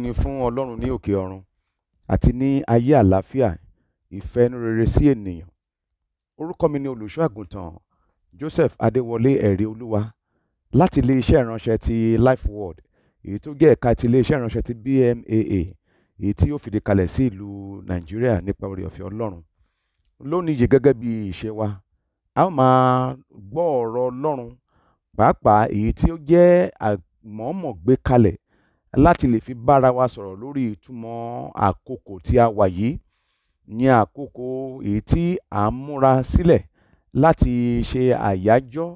ni fún Ọlọ́run ní òkè ọ̀run àti ní ayé àlàáfíà ìfẹ́ inú rere sí ènìyàn. Orúkọ mi ni olùṣọ́ àgùntàn Joseph Adéwọlé ẹ̀rí olúwa láti iléeṣẹ́ ìránṣẹ́ ti Life Word èyí tó jẹ́ ẹ̀ka ti iléeṣẹ́ ìránṣẹ́ ti BMAA èyí tí ó fìdí kalẹ̀ sí ìlú Nàìjíríà nípa oore ọ̀fẹ́ Ọlọ́run. Lónìí yìí gẹ́gẹ́ bí ìṣe wa a ó máa gbọ́ ọ̀rọ̀ Ọlọ́run pàápàá èyí tí ó jẹ́ àmọ̀ọ́mọ̀ gbé kalẹ̀ láti lè fi bára wa sọ̀rọ̀ lórí ìtumọ̀ àkókò tí a wà yìí ní àkókò èyí tí à ń múra sílẹ̀ láti ṣe àyájọ́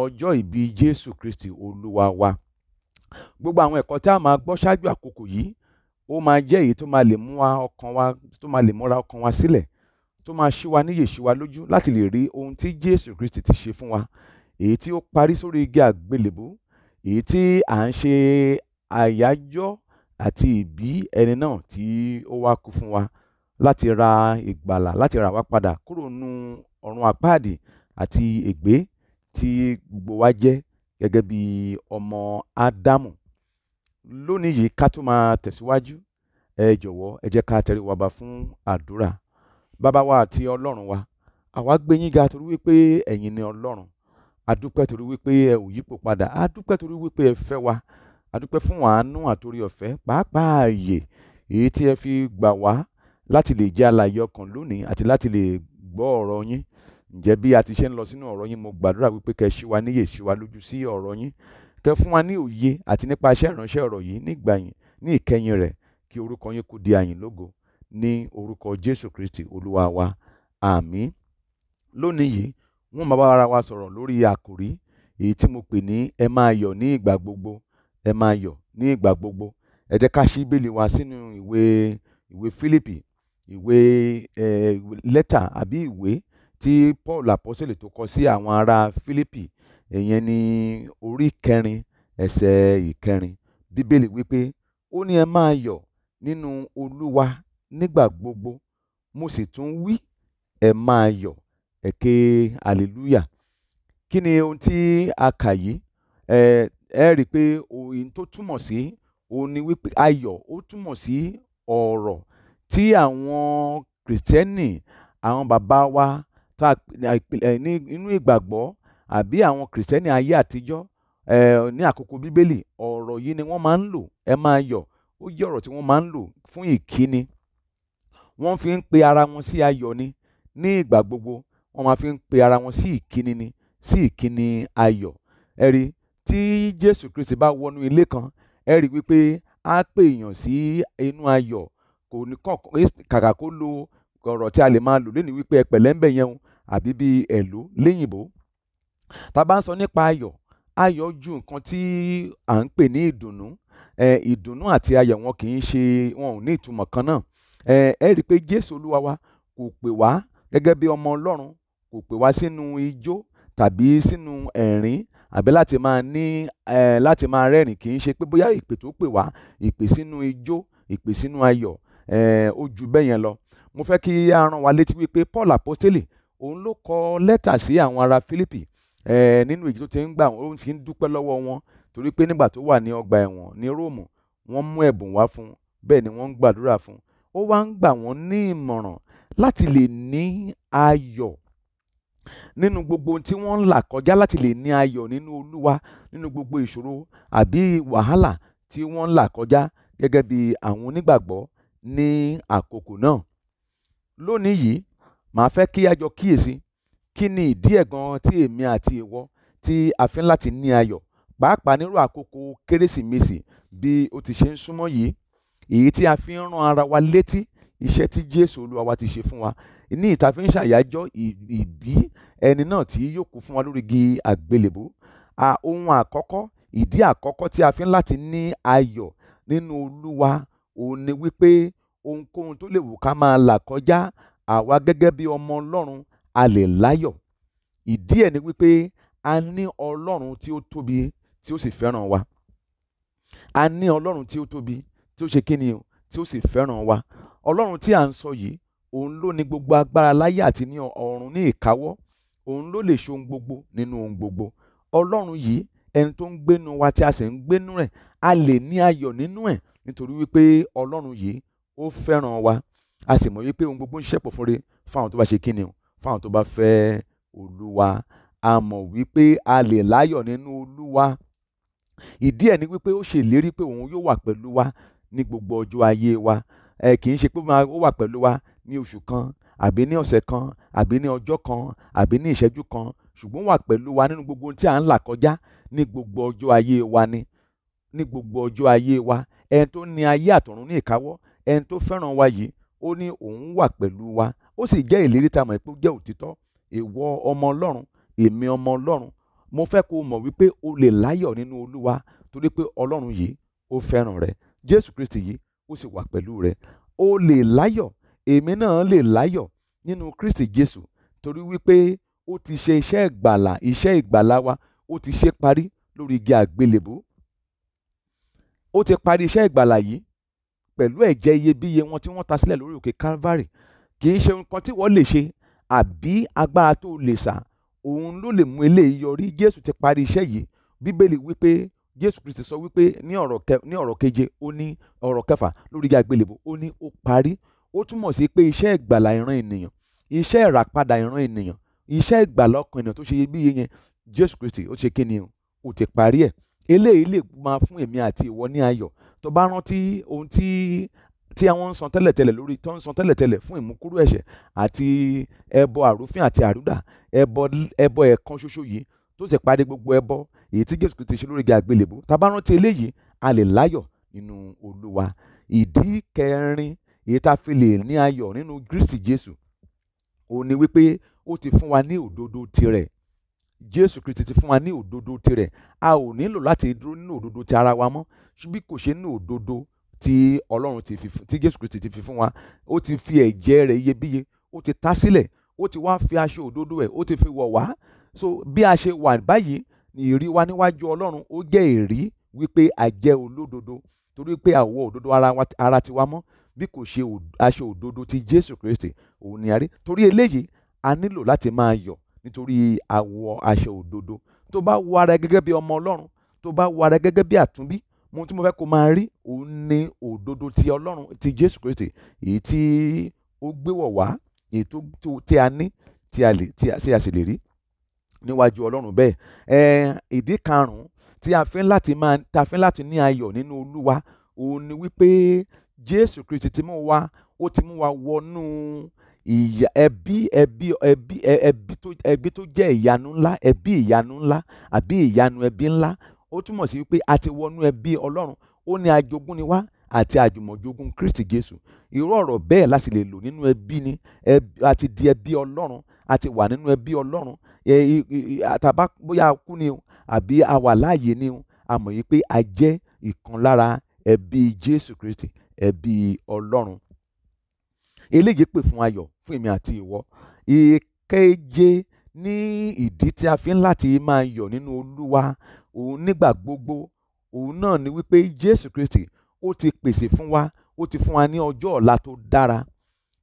ọjọ́ ìbí Jésù Kristi Olúwa wa gbogbo àwọn ẹ̀kọ́ tí a máa gbọ́ ṣáájú àkókò yìí ó máa jẹ́ èyí tó máa lè mú wa ọkàn wa tó máa lè múra ọkàn wa sílẹ̀ tó máa ṣí wa níyè ṣí wa lójú láti lè rí ohun tí Jésù Kristi ti ṣe fún wa èyí tí ó parí sórí igi àgbélébú èyí tí à ń ṣe àyájọ́ àti ìbí ẹni náà tí ó wá kú fún wa láti ra ìgbàlà láti rà padà kúrò nínú ọ̀run àpáàdì àti ègbé tí gbogbo wa jẹ́ gẹ́gẹ́ bí ọmọ ádámù lónìí yìí ká tó máa tẹ̀síwájú ẹ jọ̀wọ́ ẹ jẹ́ ká tẹrí wa ba fún àdúrà bàbá wa àti ọlọ́run wa àwa gbé yín ga torí wípé ẹ̀yin ni ọlọ́run a dúpẹ́ torí wípé ẹ ò yípo padà a torí wípé ẹ fẹ́ wa a dúpẹ́ fún àánú àtòrí ọ̀fẹ́ pàápàá ààyè èyí tí ẹ fi gbà wá láti lè jẹ́ alàyè ọkàn lónìí àti láti lè gbọ́ ọ̀rọ̀ yín ǹjẹ́ bí a ti ṣe ń lọ sínú ọ̀rọ̀ yín mo gbàdúrà wípé kẹ́ ṣí wa níyè ṣí wa lójú sí ọ̀rọ̀ yín kẹ́ fún wa ní òye àti nípa iṣẹ́ ìránṣẹ́ ọ̀rọ̀ yìí nígbàyìn ní ìkẹyìn rẹ̀ kí orúkọ yín kó di àyìn lógo ní orúkọ Jésù Kristi olúwa wa àmín lónìí yìí wọ́n máa bá ara wa sọ̀rọ̀ lórí àkòrí èyí tí mo pè ní ẹ máa yọ̀ ní ìgbà gbogbo ẹ máa yọ̀ ní ìgbà gbogbo ẹ jẹ́ ká ṣí bíbélì wa sínú ìwé ìwé Fílípì ìwé lẹ́tà àbí ìwé tí Paul àpọ́sẹ̀lì tó kọ sí àwọn ará Fílípì ìyẹn ní orí kẹrin ẹsẹ̀ ìkẹrin bíbélì wípé ó ní ẹ máa yọ̀ nínú Olúwa nígbà gbogbo mo sì tún wí ẹ máa yọ̀ ẹ ké hallelujah kí ni ohun tí a kà yìí ẹ rí i pé ohun tó túmọ̀ sí òun ni wípé ayọ̀ ó túmọ̀ sí ọ̀rọ̀ tí àwọn kìrìtẹ́nì àwọn bàbá wa tá ní inú ìgbàgbọ́ àbí àwọn kìrìsìtẹ́nì ayé àtijọ́ ní àkókò bíbélì ọ̀rọ̀ yìí ni wọ́n máa ń lò ẹ máa yọ̀ ó jẹ́ ọ̀rọ̀ tí wọ́n máa ń lò fún ìkíni wọ́n fi ń pe ara wọn sí ayọ̀ ni ní ìgbà gbogbo wọ́n máa fi ń pe ara wọn sí ìkíni ni sí ìkíni ayọ̀ ẹ rí tí jésù kristi bá wọnú ilé kan ẹ rí i wípé á pè èèyàn sí inú ayọ̀ kò ní kàkà kó lo ọ̀rọ̀ tí a lè máa lò lẹ́nu wípé ẹ pẹ̀lẹ́ ń bẹ̀ yẹn o àbí bí ẹ̀lú léyìnbó tá a bá ń sọ nípa ayọ̀ ayọ̀ ju nǹkan tí à ń pè ní ìdùnnú ìdùnnú àti ayọ̀ wọn kì í ṣe wọn ò ní ìtumọ̀ kan náà ẹ rí i pé jésù olúwa wa kò pè wá gẹ́gẹ́ bí ọmọ ọlọ́run kò pè wá sínú ijó tàbí sínú ẹ̀rín àbí láti máa ní láti máa rẹ́rìn kì í ṣe pé bóyá ìpè tó pè wá ìpè sínú ijó ìpè sínú ayọ̀ ó ju bẹ́ẹ̀ yẹn lọ mo fẹ́ kí a rán wa létí wípé Paul apostoli òun ló kọ lẹ́tà sí àwọn ará Fílípì nínú èyí tó ti ń gbà ó fi ń dúpẹ́ lọ́wọ́ wọn torí pé nígbà tó wà ní ọgbà ẹ̀wọ̀n ní Róòmù wọ́n mú ẹ̀bùn wá fún bẹ́ẹ̀ ni wọ́n ń gbàdúrà fún ó wá ń gbà wọ́n ní ìmọ̀ràn láti lè ní ayọ̀ nínú gbogbo ohun tí wọ́n ń là kọjá láti lè ní ayọ̀ nínú olúwa nínú gbogbo ìṣòro àbí wàhálà tí wọ́n ń là kọjá gẹ́gẹ́ bí àwọn onígbàgbọ́ ní àkókò náà. lónìí yìí màá fẹ́ kí a kíyèsí kí ni ìdí ẹ̀ gan tí èmi àti ìwọ tí a fi ń láti ní ayọ̀ pàápàá nírú àkókò kérésìmesì bí o ti ṣe ń súnmọ́ yìí èyí tí a fi ń rán ara wa létí iṣẹ́ tí Jésù Olúwa wa ti ṣe fún wa ní ìta fi ń ṣàyájọ́ ìbí ẹni náà tí yóò kú fún wa lórí igi àgbélébó ohun àkọ́kọ́ ìdí àkọ́kọ́ tí a fi ń láti ní ayọ̀ nínú Olúwa òun ni wípé ohunkóhun tó lè wù ká máa là kọjá àwa gẹ́gẹ́ bí ọmọ Ọlọ́run a lè láyọ̀ ìdí ẹ̀ ni wípé a ní Ọlọ́run tí ó tóbi tí ó sì fẹ́ràn wa a ní Ọlọ́run tí ó tóbi tí ó ṣe kíni o tí ó sì fẹ́ràn wa ọlọ́run tí à ń sọ yìí òun ló ní gbogbo agbára láyé àti ní ọ̀run ní ìkáwọ́ òun ló lè ṣe ohun gbogbo nínú ohun gbogbo ọlọ́run yìí ẹni tó ń gbénu wa tí a sì ń gbénu rẹ̀ a lè ní ayọ̀ nínú ẹ̀ nítorí wípé ọlọ́run yìí ó fẹ́ràn wa a sì mọ̀ wípé ohun gbogbo ń ṣẹ̀pọ̀ fúnre fáwọn tó bá ṣe kíni o fáwọn tó bá fẹ́ olúwa a mọ̀ wípé a lè láyọ̀ nínú olúwa ìdí ẹ̀ ni wípé ó ṣèlérí pé òun yóò wà pẹ̀lú wa ní gbogbo ọjọ́ ayé wa ẹ kì í ṣe pé ó wà pẹ̀lú wa ní oṣù kan àbí ní ọ̀sẹ̀ kan àbí ní ọjọ́ kan àbí ní ìṣẹ́jú kan ṣùgbọ́n wà pẹ̀lú wa nínú gbogbo ohun tí à ń là kọjá ní gbogbo ọjọ́ ayé wa ni ní gbogbo ọjọ́ ayé wa ẹni tó ní ayé àtọ̀run ní ìkáwọ́ ẹni tó fẹ́ràn wa yìí ó ní òun wà pẹ̀lú wa ó sì jẹ́ ìlérí tá a mọ̀ pé ó jẹ́ òtítọ́ ìwọ ọmọ ọlọ́run èmi ọmọ ọlọ́run mo fẹ́ kó o mọ̀ wípé o lè láyọ̀ nínú olúwa torí pé ọlọ́run yìí ó fẹ́ràn rẹ jésù kristi yìí ó sì wà pẹ̀lú rẹ ó lè láyọ̀ èmi náà lè láyọ̀ nínú Kristi Jésù torí wípé ó ti ṣe iṣẹ́ ìgbàlà iṣẹ́ ìgbàlà wa ó ti ṣe parí lórí igi àgbélébó ó ti parí iṣẹ́ ìgbàlà yìí pẹ̀lú ẹ̀jẹ̀ iyebíye wọn tí wọ́n ta sílẹ̀ lórí òkè Calvary kì í ṣe nǹkan tí wọ́n lè ṣe àbí agbára tó lè sà òun ló lè mú eléyìí yọrí Jésù ti parí iṣẹ́ yìí Bíbélì wípé jésù kristi sọ wípé ní ọ̀rọ̀ keje ó ní ọ̀rọ̀ kẹfà lórí ìjà àgbélébò ó ní ó parí ó túmọ̀ sí pé iṣẹ́ ìgbàlà ìran ènìyàn iṣẹ́ ìràpadà ìran ènìyàn iṣẹ́ ìgbàlà ọkàn ènìyàn tó ṣe bí yẹn jésù kristi ó ṣe kíni ó ti parí ẹ̀ eléyìí lè máa fún èmi àti ìwọ ní ayọ̀ tó bá rántí ohun tí tí àwọn ń san tẹ́lẹ̀tẹ́lẹ̀ lórí tó ń san tẹ́lẹ̀tẹ́lẹ̀ fún ìmúkúrú ẹ̀ṣẹ̀ àti ẹbọ àrúfín àti àrúdà ẹbọ ẹ̀kan ṣoṣo yìí tó sì parí gbogbo ẹbọ èyí tí Jésù ti ṣe lórí igi àgbélébó tá a bá rántí eléyìí a lè láyọ̀ nínú Olúwa ìdí kẹrin èyí tá a fi lè ní ayọ̀ nínú Kristi Jésù ó ní wípé ó ti fún wa ní òdodo tirẹ̀ Jésù Kristi ti fún wa ní òdodo tirẹ̀ a ò nílò láti dúró nínú òdodo ti ara wa mọ́ bí kò ṣe nínú òdodo tí Ọlọ́run ti Jésù Kristi ti fi fún wa ó ti fi ẹ̀jẹ̀ rẹ̀ iyebíye ó ti ta sílẹ̀ ó ti wá fi aṣọ òdodo ẹ̀ ó ti fi wọ̀ wá so bí a ṣe wà báyìí ìrí wa níwájú ọlọ́run ó jẹ́ ìrí wípé a jẹ́ olódodo torí pé àwọ̀ òdodo ara tiwa mọ́ bí kò ṣe aṣọ òdodo ti jésù kristi òun ni a rí torí eléyìí a nílò láti máa yọ̀ nítorí àwọ̀ aṣọ òdodo tó bá wo ara gẹ́gẹ́ bí ọmọ ọlọ́run tó bá wo ara gẹ́gẹ́ bí àtúnbí mo tí mo fẹ́ kó máa rí òun ni òdodo ti ọlọ́run ti jésù kristi èyí tí ó gbéwọ̀ wá èyí tó tí a ní tí a sì lè rí níwájú ọlọ́run bẹ́ẹ̀ ẹ̀ ìdí karùn-ún tí a fẹ́ láti máa tá a fẹ́ láti ní ayọ̀ nínú olúwa òun ni wípé jésù kristi ti mú wa ó ti mú wa wọnú ìyà ẹbí ẹbí ẹbí ẹbí tó ẹbí tó jẹ́ ìyanu ńlá ẹbí ìyanu ńlá àbí ìyanu ẹbí ńlá ó túmọ̀ sí wípé a ti wọnú ẹbí ọlọ́run ó ní ajogún ni wá àti àjùmọ̀jogún Kristi Jésù irú ọ̀rọ̀ bẹ́ẹ̀ láti lè lò nínú ẹbí ni àti di ẹbí Ọlọ́run àti wà nínú ẹbí Ọlọ́run àtàbá bóyá a kú ni o àbí a wà láàyè ni o a mọ̀ yìí pé a jẹ́ ìkan lára ẹbí Jésù Kristi ẹbí Ọlọ́run eléyìí pè fún ayọ̀ fún èmi àti ìwọ ìkeje ní ìdí tí a fi ń láti máa yọ̀ nínú Olúwa òun nígbà gbogbo òun náà ni wípé Jésù Kristi ó ti pèsè fún wa ó ti fún wa ní ọjọ́ ọ̀la tó dára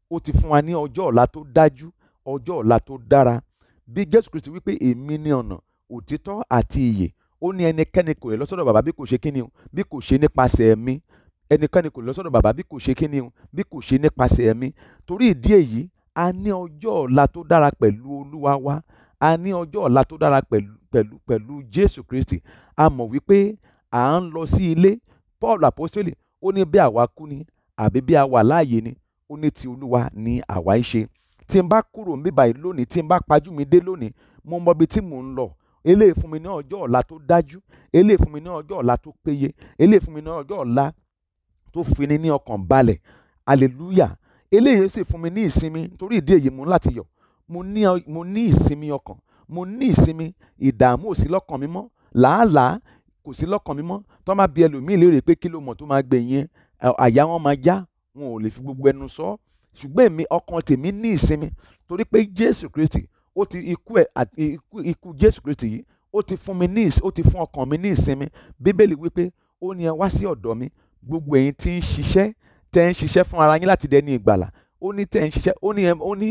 ó ti fún wa ní ọjọ́ ọ̀la tó dájú ọjọ́ ọ̀la tó dára bí Jésù Kristi wípé èmi ni ọ̀nà òtítọ́ àti ìyè ó ní ẹnikẹ́ni kò lè lọ sọ́dọ̀ bàbá bí kò ṣe kíni o bí kò ṣe nípasẹ̀ mi ẹnikẹ́ni kò lè lọ bàbá bí kò ṣe kíni o bí kò ṣe nípasẹ̀ mi torí ìdí èyí a ní ọjọ́ ọ̀la tó dára pẹ̀lú Olúwa wa a ní ọjọ́ ọ̀la tó dára pẹ̀lú pẹ̀lú Jésù Kristi a mọ̀ wípé à ń lọ sí ilé paul apostoli ó ní bí àwa kú ni àbí bí a láàyè ni ó ní ti olúwa ni àwa ń ṣe tí n bá kúrò mí báyìí lónìí tí n bá pajú mi dé lónìí mo mọ ibi tí mò ń lọ eléyìí fún mi ní ọjọ́ ọ̀la tó dájú eléyìí fún mi ní ọjọ́ ọ̀la tó péye eléyìí fún mi ní ọjọ́ ọ̀la tó fini ní ọkàn balẹ̀ hallelujah eléyìí sì fún mi ní ìsinmi nítorí ìdí èyí mo ń láti yọ̀ mo ní ìsinmi ọkàn mo ní ìsinmi ìdààmú ò lọ́kàn mi mọ́ làálàá kò sí lọ́kàn mi mọ́ tó máa bi ẹlòmíì léèrè pé kí ló mọ̀ tó máa gbẹ̀yìn àyà wọn máa já wọn ò lè fi gbogbo ẹnu sọ ṣùgbọ́n èmi ọkàn tèmi ní ìsinmi torí pé Jésù Kristi ó ti ikú ẹ̀ ikú Jésù Kristi yìí ó ti fún mi ní ó ti fún ọkàn mi ní ìsinmi Bíbélì wípé ó ní ẹ wá sí ọ̀dọ̀ mi gbogbo ẹ̀yin tí ń ṣiṣẹ́ tẹ́ ń ṣiṣẹ́ fún ara yín láti dẹni ìgbàlà ó ní tẹ́ ń ṣiṣẹ́ ó ní ó ní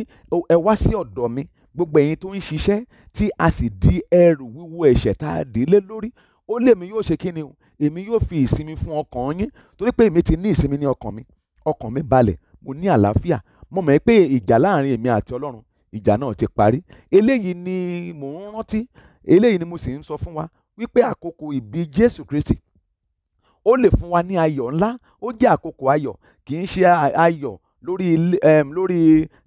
ẹ wá sí ọ̀dọ̀ mi gbogbo ẹ̀yin tó ń ṣiṣẹ́ tí a sì di ẹrù wíwo ẹ̀ṣẹ̀ tá a dì lé lórí ó lèmi yóò ṣe kíni o èmi yóò fi ìsinmi fún ọkàn yín torí pé èmi ti ní ìsinmi ní ọkàn mi ọkàn mi balẹ̀ mo ní àlàáfíà mo mọ̀ pé ìjà láàrin èmi àti ọlọ́run ìjà náà ti parí eléyìí ni mò ń rántí eléyìí ni mo sì ń sọ fún wa wípé àkókò ìbí Jésù Kristi ó lè fún wa ní ayọ̀ ńlá ó jẹ́ àkókò ayọ̀ kì í ṣe ayọ̀ lórí um, lórí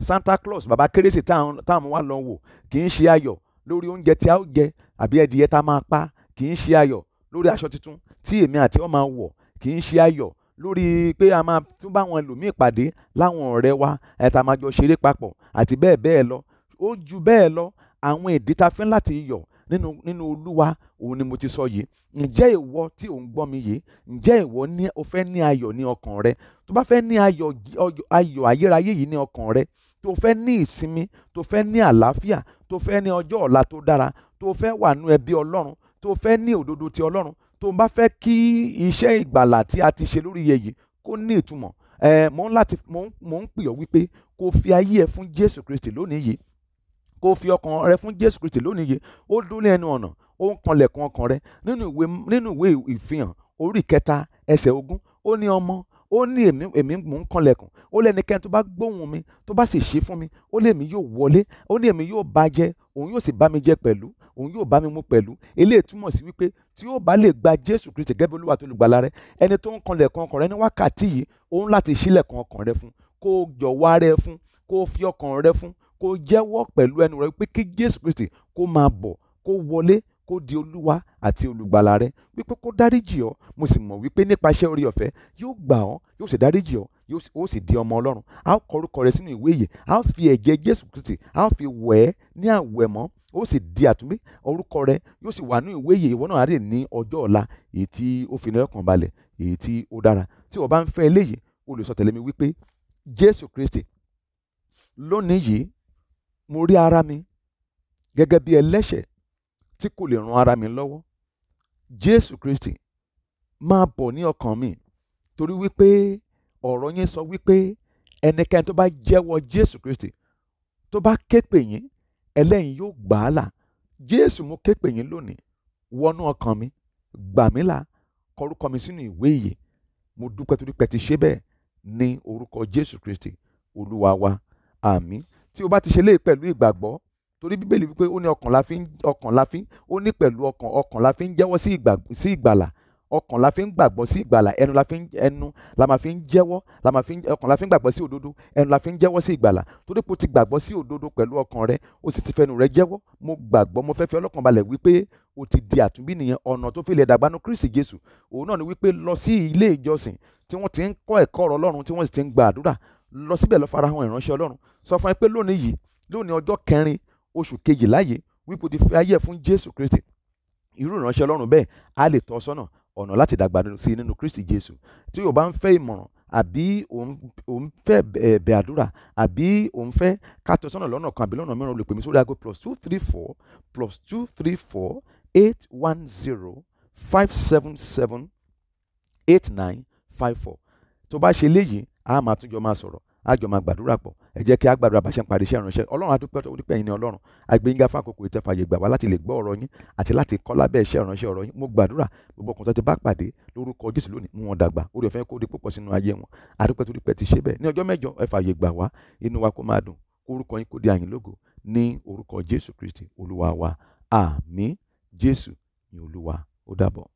Santa Claus baba kérésì táwọn wá lọ wò kì í ṣe ayọ̀ lórí oúnjẹ tí a ó jẹ àbí ẹdìyẹ tá a máa pa kì í ṣe ayọ̀ lórí aṣọ tuntun tí èmi àti ọ máa wọ̀ kì í ṣe ayọ̀ lórí pé a máa tún bá wọn lòmíì pàdé láwọn ọ̀rẹ́ wa ẹ̀ta máa jọ ṣeré papọ̀ àti bẹ́ẹ̀ bẹ́ẹ̀ lọ ó ju bẹ́ẹ̀ lọ àwọn ìdí ta fẹ́ láti yọ̀ nínú nínú olúwa òun ni mo ti sọ yìí ǹjẹ́ ìwọ tí ò ń gbọ́ mi yìí ǹjẹ́ ìwọ ní o fẹ́ ní ayọ̀ ní ọkàn rẹ tó bá fẹ́ ní ayọ̀ ayérayé yìí ní ọkàn rẹ tó fẹ́ ní ìsinmi tó fẹ́ ní àlàáfíà tó fẹ́ ní ọjọ́ ọ̀la tó dára tó fẹ́ wà nú ẹbí ọlọ́run tó fẹ́ ní òdodo ti ọlọ́run tó bá fẹ́ kí iṣẹ́ ìgbàlà tí a ti ṣe lórí iye yìí kó ní ìtumọ̀ ẹ mò ń láti mò ń pè ọ́ wípé kó fi ayé ẹ fún Jésù Kristi lónìí yìí kó fi ọkàn rẹ fún Jésù Kristi lónìí yìí ó dúró ẹnu ọ̀nà ó ń kanlẹ̀kùn ọkàn rẹ nínú ìwé nínú ìwé ìfihàn orí kẹta ẹsẹ̀ ogún ó ní ọmọ ó ní èmi èmi mò ń kanlẹ̀kùn ó lẹ́nikẹ́ni tó bá gbóhùn mi tó bá sì ṣe fún mi ó lé mi yóò wọlé ó ní èmi yóò bá òun yóò sì bá mi jẹ pẹ̀lú òun yóò bá mi mu pẹ̀lú eléyìí túmọ̀ sí wípé tí ó bá lè gba jésù kristi gẹ́gẹ́ bí olúwa tó lè gbàlà rẹ ẹni tó ń kanlẹ̀ kankan rẹ ní wákàtí yìí òun láti sílẹ̀ kankan rẹ fún kó jọ̀wọ́ rẹ fún kó fi ọkàn rẹ fún kó jẹ́wọ́ pẹ̀lú ẹnu rẹ wípé kí jésù kristi kó máa bọ̀ kó wọlé kó di olúwa àti olùgbàlà rẹ wípé kó dáríjì ọ mo sì mọ̀ wípé nípasẹ̀ orí ọ̀fẹ́ yóò gbà ọ yóò sì dáríjì ọ ó sì di ọmọ ọlọ́run a ó kọ orúkọ rẹ sínú ìwé yìí a ó fi ẹ̀jẹ̀ jésù kristi a ó fi wẹ̀ ẹ́ ní àwẹ̀mọ́ ó sì di àtúnbí orúkọ rẹ yóò sì wà ní ìwé yìí ìwọ náà á rè ní ọjọ́ ọ̀la èyí tí ó fi nílẹ̀ kàn balẹ̀ èyí tí ó dára tí o bá ń fẹ́ eléyìí o tẹ̀lé mi wípé jésù kristi lónìí yìí mo rí ara mi gẹ́gẹ́ bí ẹlẹ́ṣẹ̀ tí kò lè ran ara mi lọ́wọ́ jésù kristi máa bọ̀ ní ọkàn mi torí wípé ọ̀rọ̀ yẹn sọ wípé ẹnikẹ́ni tó bá jẹ́wọ́ Jésù Kristi tó bá ké pè yín ẹlẹ́yin yóò gbà á là Jésù mo ké pè yín lónìí wọnú ọkàn mi gbà mí là kọrúkọ mi sínú ìwé ìyè mo dúpẹ́ torí pé ti ṣe bẹ́ẹ̀ ní orúkọ Jésù Kristi olúwa wa àmín tí o bá ti ṣe léyìí pẹ̀lú ìgbàgbọ́ torí bíbélì wípé ó ní ọkàn la fi ń ọkàn la fi ń ó ní pẹ̀lú ọkàn ọkàn la fi ń jẹ́wọ́ sí ìgbàlà ọkàn la fi ń gbàgbọ́ sí ìgbàlà ẹnu la fi ń ẹnu la ma fi ń jẹ́wọ́ la ma fi ń ọkàn la fi ń gbàgbọ́ sí òdodo ẹnu la fi ń jẹ́wọ́ sí ìgbàlà torí pé o ti gbàgbọ́ sí òdodo pẹ̀lú ọkàn rẹ o sì ti fẹnu rẹ jẹ́wọ́ mo gbàgbọ́ mo fẹ́ fi ọlọ́kàn balẹ̀ wípé o ti di àtúnbí nìyẹn ọ̀nà tó fi lè dàgbánu Kristi Jésù òun náà ni wípé lọ sí ilé ìjọsìn tí wọ́n ti ń kọ́ ẹ̀kọ́ ọ̀rọ̀ Ọlọ́run tí wọ́n sì ti ń gba àdúrà lọ síbẹ̀ lọ farahàn ìránṣẹ́ Ọlọ́run sọ fún ẹ pé lónìí yìí lónìí ọjọ́ kẹrin oṣù kejìlá yìí wípé o ti fi ayé ẹ fún Jésù Kristi irú ìránṣẹ́ Ọlọ́run bẹ́ẹ̀ á lè tọ́ sọ́nà ọ̀nà láti dàgbà sí nínú Kristi Jésù tí o bá ń fẹ́ ìmọ̀ràn àbí òun fẹ́ ẹ̀bẹ̀ àdúrà àbí òun fẹ́ kátó sọ́nà lọ́nà kan àbí lọ́nà mìíràn o lè pè mí sórí aago plus two three four plus two three four eight one zero five seven seven eight nine five four tó bá ṣe léyìí a máa tún máa sọ̀rọ̀ àjọ máa gbàdúrà pọ̀ ẹ jẹ́ kí a gbàdúrà bá ṣe ń parí iṣẹ́ ìránṣẹ́ ọlọ́run adúpẹ́ tó wípé ẹ̀yin ni ọlọ́run agbẹ́yìnga fún àkókò ìtẹ́ fàyè gbà wá láti lè gbọ́ ọ̀rọ̀ yín àti láti kọ́ lábẹ́ iṣẹ́ ìránṣẹ́ ọ̀rọ̀ yín mo gbàdúrà gbogbo ọkùnrin tó ti bá pàdé lórúkọ jésù lónìí mú wọn dàgbà orí ọ̀fẹ́ kó di púpọ̀ sínú ayé wọn adúpẹ́ tó wípé ti ṣe bẹ́ẹ̀ ní ọjọ́ mẹ́jọ ẹ fàyè gbà wá inú wa kó máa dùn orúkọ yín kó di àyìn lógo ní orúkọ jésù kristi olúwa wa àmín jésù ni